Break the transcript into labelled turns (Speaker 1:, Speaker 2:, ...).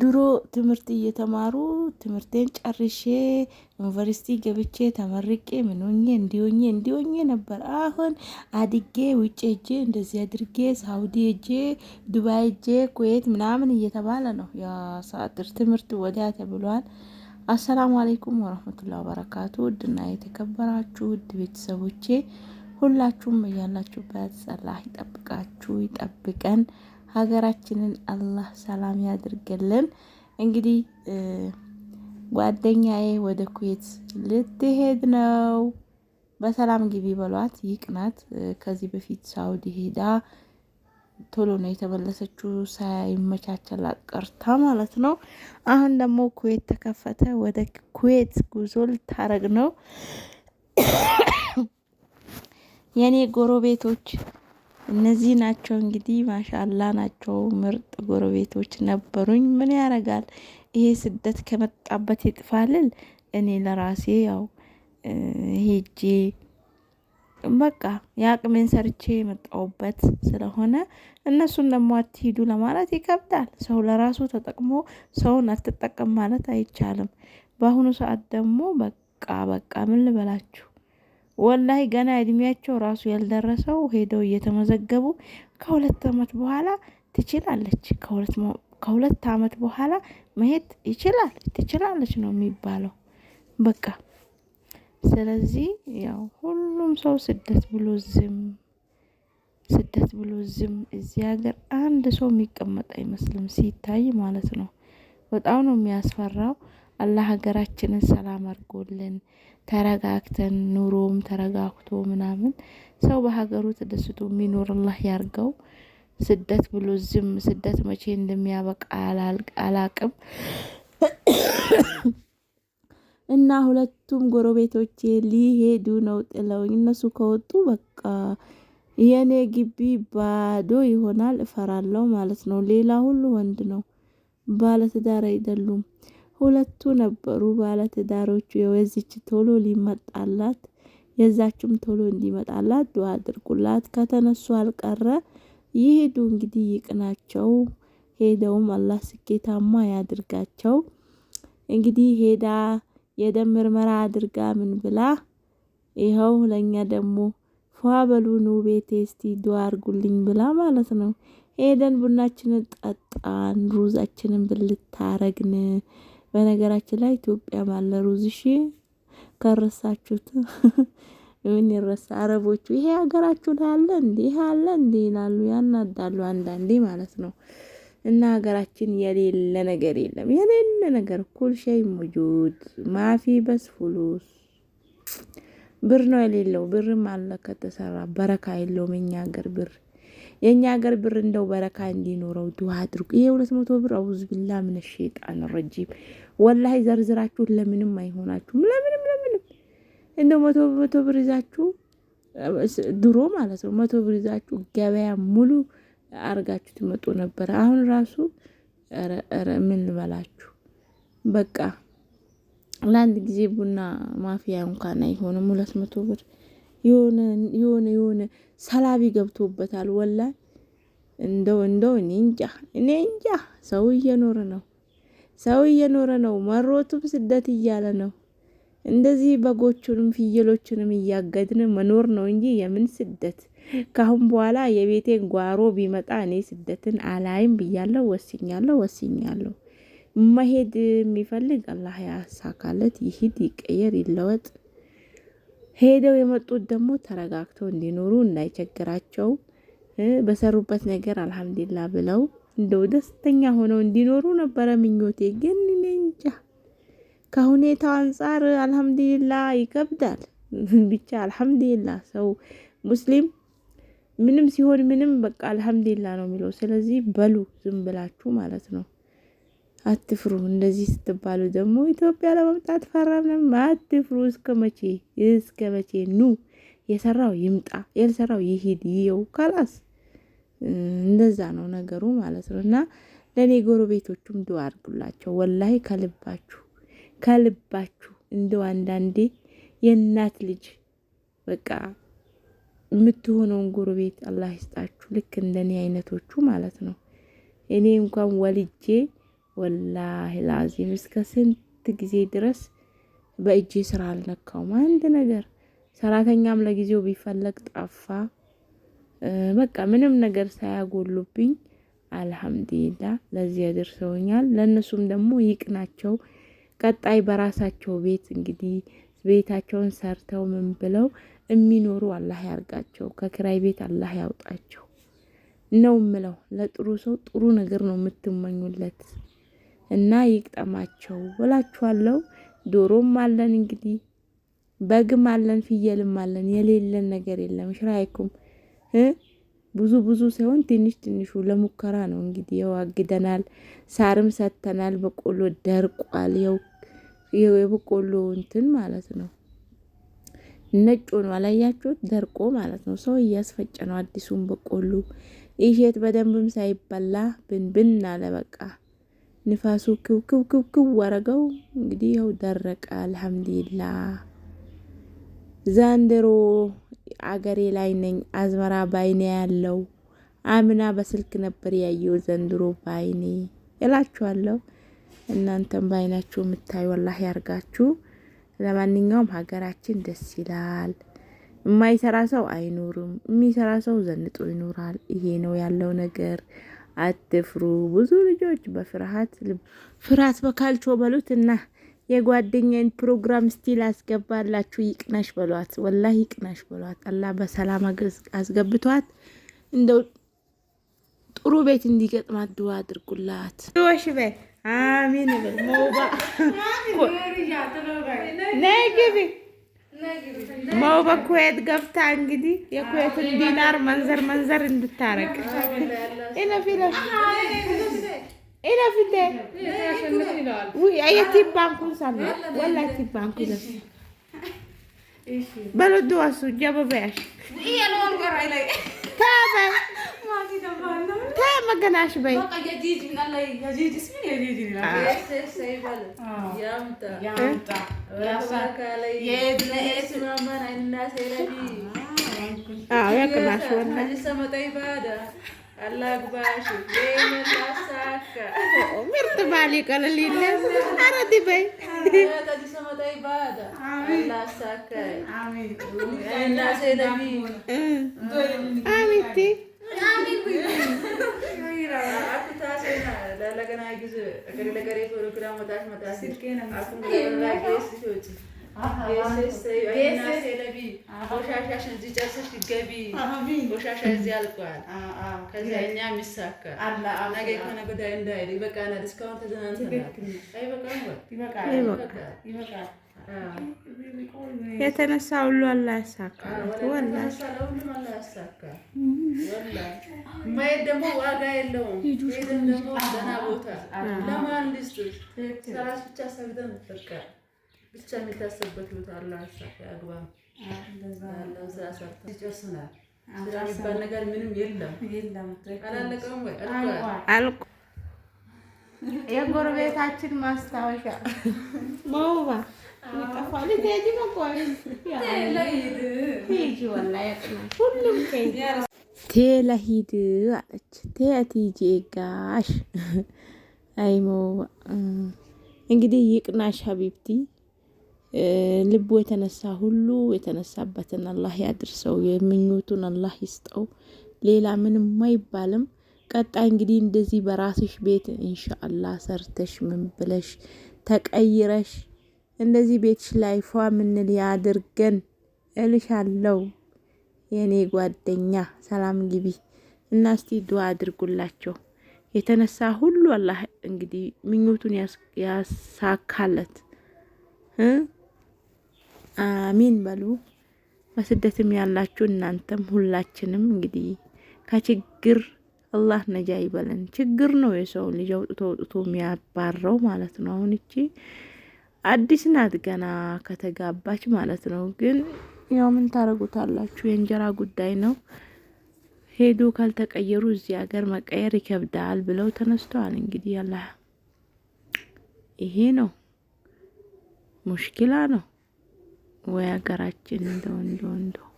Speaker 1: ድሮ ትምህርት እየተማሩ ትምህርቴን ጨርሼ ዩኒቨርሲቲ ገብቼ ተመርቄ ምንኜ እንዲሆኜ እንዲሆኜ ነበር። አሁን አድጌ ውጭ እጄ እንደዚህ አድርጌ ሳውዲ እጄ ዱባይ እጄ ኩዌት ምናምን እየተባለ ነው ያሳድር ትምህርት ወዲያ ተብሏል። አሰላሙ አሌይኩም ወረህመቱላ ወበረካቱ። ውድና የተከበራችሁ ውድ ቤተሰቦቼ ሁላችሁም እያላችሁበት ጸላህ ይጠብቃችሁ ይጠብቀን። ሀገራችንን አላህ ሰላም ያድርግልን። እንግዲህ ጓደኛዬ ወደ ኩዌት ልትሄድ ነው። በሰላም ግቢ በሏት፣ ይቅናት። ከዚህ በፊት ሳውዲ ሄዳ ቶሎ ነው የተመለሰችው፣ ሳይመቻቸላት ቀርታ ማለት ነው። አሁን ደግሞ ኩዌት ተከፈተ፣ ወደ ኩዌት ጉዞ ልታረግ ነው። የኔ ጎረቤቶች እነዚህ ናቸው እንግዲህ ማሻላ ናቸው። ምርጥ ጎረቤቶች ነበሩኝ። ምን ያረጋል ይሄ ስደት ከመጣበት ይጥፋልል። እኔ ለራሴ ያው ሄጄ በቃ የአቅሜን ሰርቼ የመጣውበት ስለሆነ እነሱን ደግሞ አትሂዱ ለማለት ይከብዳል። ሰው ለራሱ ተጠቅሞ ሰውን አትጠቀም ማለት አይቻልም። በአሁኑ ሰዓት ደግሞ በቃ በቃ ምን ልበላችሁ ወላሂ ገና እድሜያቸው ራሱ ያልደረሰው ሄደው እየተመዘገቡ ከሁለት ዓመት በኋላ ትችላለች፣ ከሁለት ዓመት በኋላ መሄድ ይችላል፣ ትችላለች ነው የሚባለው በቃ። ስለዚህ ያው ሁሉም ሰው ስደት ብሎ ዝም ስደት ብሎ ዝም። እዚህ ሀገር አንድ ሰው የሚቀመጥ አይመስልም ሲታይ ማለት ነው። በጣም ነው የሚያስፈራው። አላህ ሀገራችንን ሰላም አድርጎልን ተረጋግተን ኑሮም ተረጋግቶ ምናምን ሰው በሀገሩ ተደስቶ የሚኖር አላህ ያርገው። ስደት ብሎ ዝም ስደት መቼ እንደሚያበቃ አላቅም። እና ሁለቱም ጎረቤቶቼ ሊሄዱ ነው ጥለውኝ። እነሱ ከወጡ በቃ የኔ ግቢ ባዶ ይሆናል፣ እፈራለሁ ማለት ነው። ሌላ ሁሉ ወንድ ነው፣ ባለትዳር አይደሉም። ሁለቱ ነበሩ ባለትዳሮቹ። የወዚች ቶሎ ሊመጣላት የዛችም ቶሎ እንዲመጣላት ዱዓ አድርጉላት። ከተነሱ አልቀረ ይሄዱ እንግዲህ ይቅናቸው። ሄደውም አላህ ስኬታማ ያድርጋቸው። እንግዲህ ሄዳ የደም ምርመራ አድርጋ ምን ብላ ይኸው ለኛ ደግሞ ፏ ኑ ቤቴ እስቲ ዱዓ አድርጉልኝ ብላ ማለት ነው። ሄደን ቡናችንን ጠጣን፣ ሩዛችንን ብልታረግን በነገራችን ላይ ኢትዮጵያ ባለ ሩዝ እሺ፣ ከረሳችሁት ምን ይረሳ? አረቦቹ ይሄ ሀገራችሁ ላይ አለ እንዴ ይሄ አለ እንዴ ይላሉ፣ ያናዳሉ አንዳንዴ ማለት ነው። እና ሀገራችን የሌለ ነገር የለም። የሌለ ነገር ኩል ሸይ ሙጁድ ማፊ በስ ፍሉስ ብር ነው የሌለው። ብርም አለ ከተሰራ በረካ የለውም። እኛ ሀገር ብር የእኛ ሀገር ብር እንደው በረካ እንዲኖረው ዱዓ አድርጉ። ይሄ ሁለት መቶ ብር አውዝ ቢላ ምን ሸይጣን ረጂም ወላሂ ዘርዝራችሁ ለምንም አይሆናችሁም። ለምንም ለምንም እንደው መቶ መቶ ብር ይዛችሁ ድሮ ማለት ነው መቶ ብር ይዛችሁ ገበያ ሙሉ አርጋችሁ ትመጡ ነበረ። አሁን ራሱ ምን ልበላችሁ በቃ ለአንድ ጊዜ ቡና ማፍያ እንኳን አይሆንም ሁለት መቶ ብር የሆነ የሆነ የሆነ ሰላቢ ገብቶበታል። ወላ እንደው እንደው እኔ እንጃ እኔ እንጃ። ሰው እየኖረ ነው፣ ሰው እየኖረ ነው። መሮቱም ስደት እያለ ነው። እንደዚህ በጎቹንም ፍየሎቹንም እያገድን መኖር ነው እንጂ የምን ስደት። ካሁን በኋላ የቤቴን ጓሮ ቢመጣ እኔ ስደትን አላይም ብያለሁ። ወስኛለሁ፣ ወስኛለሁ። መሄድ የሚፈልግ አላህ ያሳካለት፣ ይሂድ፣ ይቀየር፣ ይለወጥ። ሄደው የመጡት ደግሞ ተረጋግተው እንዲኖሩ እንዳይቸግራቸው በሰሩበት ነገር አልሐምዱሊላ ብለው እንደው ደስተኛ ሆነው እንዲኖሩ ነበረ ምኞቴ። ግን እንጃ ከሁኔታው አንጻር አልሐምዱሊላ ይከብዳል። ብቻ አልሐምዱሊላ ሰው ሙስሊም ምንም ሲሆን ምንም በቃ አልሐምዱሊላ ነው የሚለው። ስለዚህ በሉ ዝም ብላችሁ ማለት ነው። አትፍሩ። እንደዚህ ስትባሉ ደግሞ ኢትዮጵያ ለመምጣት ፈራምንም አትፍሩ። እስከ መቼ እስከ መቼ ኑ? የሰራው ይምጣ፣ ያልሰራው ይሂድ፣ ይየው ካላስ። እንደዛ ነው ነገሩ ማለት ነው። እና ለእኔ ጎረቤቶቹም ዱ አድርጉላቸው። ወላሂ ከልባችሁ ከልባችሁ እንደው አንዳንዴ የእናት ልጅ በቃ የምትሆነውን ጎረቤት አላህ ይስጣችሁ። ልክ እንደኔ አይነቶቹ ማለት ነው። እኔ እንኳን ወልጄ ወላሂ ላዚም እስከ ስንት ጊዜ ድረስ በእጅ ስራ አልነካውም። አንድ ነገር ሰራተኛም ለጊዜው ቢፈለግ ጠፋ። በቃ ምንም ነገር ሳያጎሉብኝ አልሐምዱሊላ ለዚህ ያደርሰውኛል። ለእነሱም ደግሞ ይቅናቸው። ቀጣይ በራሳቸው ቤት እንግዲህ ቤታቸውን ሰርተው ምን ብለው የሚኖሩ አላህ ያርጋቸው፣ ከክራይ ቤት አላህ ያውጣቸው ነው ምለው። ለጥሩ ሰው ጥሩ ነገር ነው የምትመኙለት። እና ይቅጠማቸው እላችኋለሁ። ዶሮም አለን እንግዲህ በግም አለን ፍየልም አለን። የሌለን ነገር የለም። ሽራይኩም ብዙ ብዙ ሳይሆን ትንሽ ትንሹ ለሙከራ ነው እንግዲህ ያው አግደናል። ሳርም ሰጥተናል። በቆሎ ደርቋል። ያው የበቆሎ እንትን ማለት ነው ነጭ ነው አላያችሁት ደርቆ ማለት ነው። ሰው እያስፈጨ ነው አዲሱን በቆሎ። ይሄት በደንብም ሳይበላ ብንብን አለ በቃ። ንፋሱ ክውክውክውክው ወረገው እንግዲህ ያው ደረቀ። አልሐምዱሊላ ዘንድሮ አገሬ ላይ ነኝ። አዝመራ ባይኔ ያለው አምና በስልክ ነበር ያየው፣ ዘንድሮ ባይኔ እላችኋለሁ። እናንተም ባይናችሁ የምታዩ አላህ ያርጋችሁ። ለማንኛውም ሀገራችን ደስ ይላል። የማይሰራ ሰው አይኖርም፣ የሚሰራ ሰው ዘንጦ ይኖራል። ይሄ ነው ያለው ነገር። አትፍሩ። ብዙ ልጆች በፍርሃት ፍርሃት በካልቾ እና የጓደኛን ፕሮግራም ስቲል አስገባላችሁ ይቅናሽ በሏት፣ ወላ ይቅናሽ በሏት። አላ በሰላም አስገብቷት እንደው ጥሩ ቤት እንዲገጥማት ድዋ አድርጉላት።
Speaker 2: ሽበ አሚን መው በኩዌት ገብታ እንግዲህ የኩዌትን ዲናር መንዘር መንዘር እንድታረቅ ኢነፊለ የቲ ባንኩን ሳሚ ወላ ቲ ባንኩ ይለፍ በሎድ ዋሱ ጀበበያሽ መገናሽበይ ያቅናሽ ወላ ምርጥ ባል ቀለል አረ ዲበይ አሚቲ
Speaker 3: ఎలాగైనా ఆగిజు అక్కడ దగ్గర ప్రోగ్రామ్ వదాస్ మదాస్ అప్పుడు చేసి
Speaker 2: ይበቃል። የተነሳ ሁሉ አላህ ያሳካላት።
Speaker 3: ማየት ደግሞ ዋጋ የለውም። የሚታሰብበት ቦታ አላህ ያሳካ አግባብ የሚባል ነገር ምንም የለም።
Speaker 2: የጎረቤታችን ማስታወሻ መውባ
Speaker 1: ቴለሂድ አለች ቴቲጂ ጋሽ አይሞ እንግዲህ ይቅናሽ ሀቢብቲ ልቡ የተነሳ ሁሉ የተነሳበትን አላህ ያድርሰው። የምኞቱን አላህ ይስጠው። ሌላ ምንም አይባልም። ቀጣይ እንግዲህ እንደዚህ በራስሽ ቤት ኢንሻአላህ ሰርተሽ ምን ብለሽ ተቀይረሽ እንደዚህ ቤትሽ ላይ ፏ ምንል ያድርገን እልሻለው የኔ ጓደኛ። ሰላም ግቢ እና እስቲ ዱዓ አድርጉላቸው የተነሳ ሁሉ አላህ እንግዲህ ምኞቱን ያሳካለት። አሚን በሉ። በስደትም ያላችሁ እናንተም ሁላችንም እንግዲህ ከችግር አላህ ነጃ ይበለን። ችግር ነው የሰው ልጅ አውጥቶ አውጥቶ የሚያባረው ማለት ነው። አሁን እቺ አዲስ ናት ገና ከተጋባች ማለት ነው። ግን ያው ምን ታረጉታላችሁ? የእንጀራ ጉዳይ ነው። ሄዱ ካልተቀየሩ እዚህ ሀገር መቀየር ይከብዳል ብለው ተነስተዋል። እንግዲህ ያላ ይሄ ነው ሙሽኪላ ነው ወይ ሀገራችን እንደው እንደው